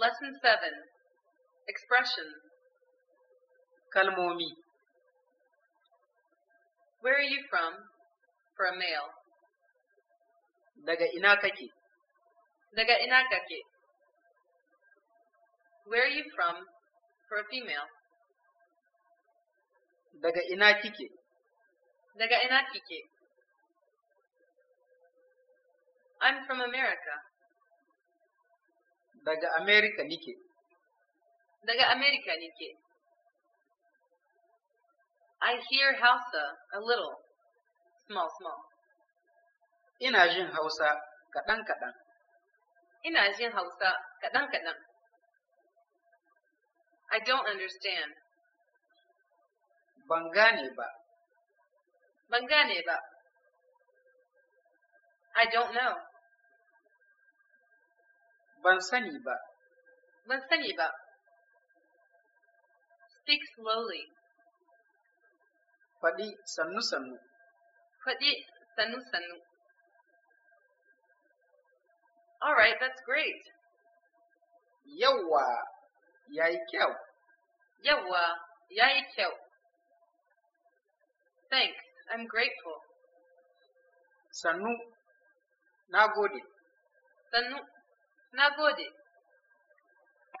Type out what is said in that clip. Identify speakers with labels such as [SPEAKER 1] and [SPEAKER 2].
[SPEAKER 1] Lesson 7 expression. Kalmomi Where are you from? For a male. Daga ina Daga ina Where are you from? For a female. Daga ina Daga ina I'm from America. Daga America nike. Daga America nike. I hear Hausa a little, small, small. Ina jin Hausa kaɗan kaɗan. Ina jin Hausa kaɗan kaɗan. I don't understand. Ban gane ba. Ban gane ba. I don't know ban sani ba ban speak slowly Padi sannu sannu Padi sannu sannu all right that's great yawa yayi kyau yawa yayi kyau thanks i'm grateful sannu na gode sannu на злодей.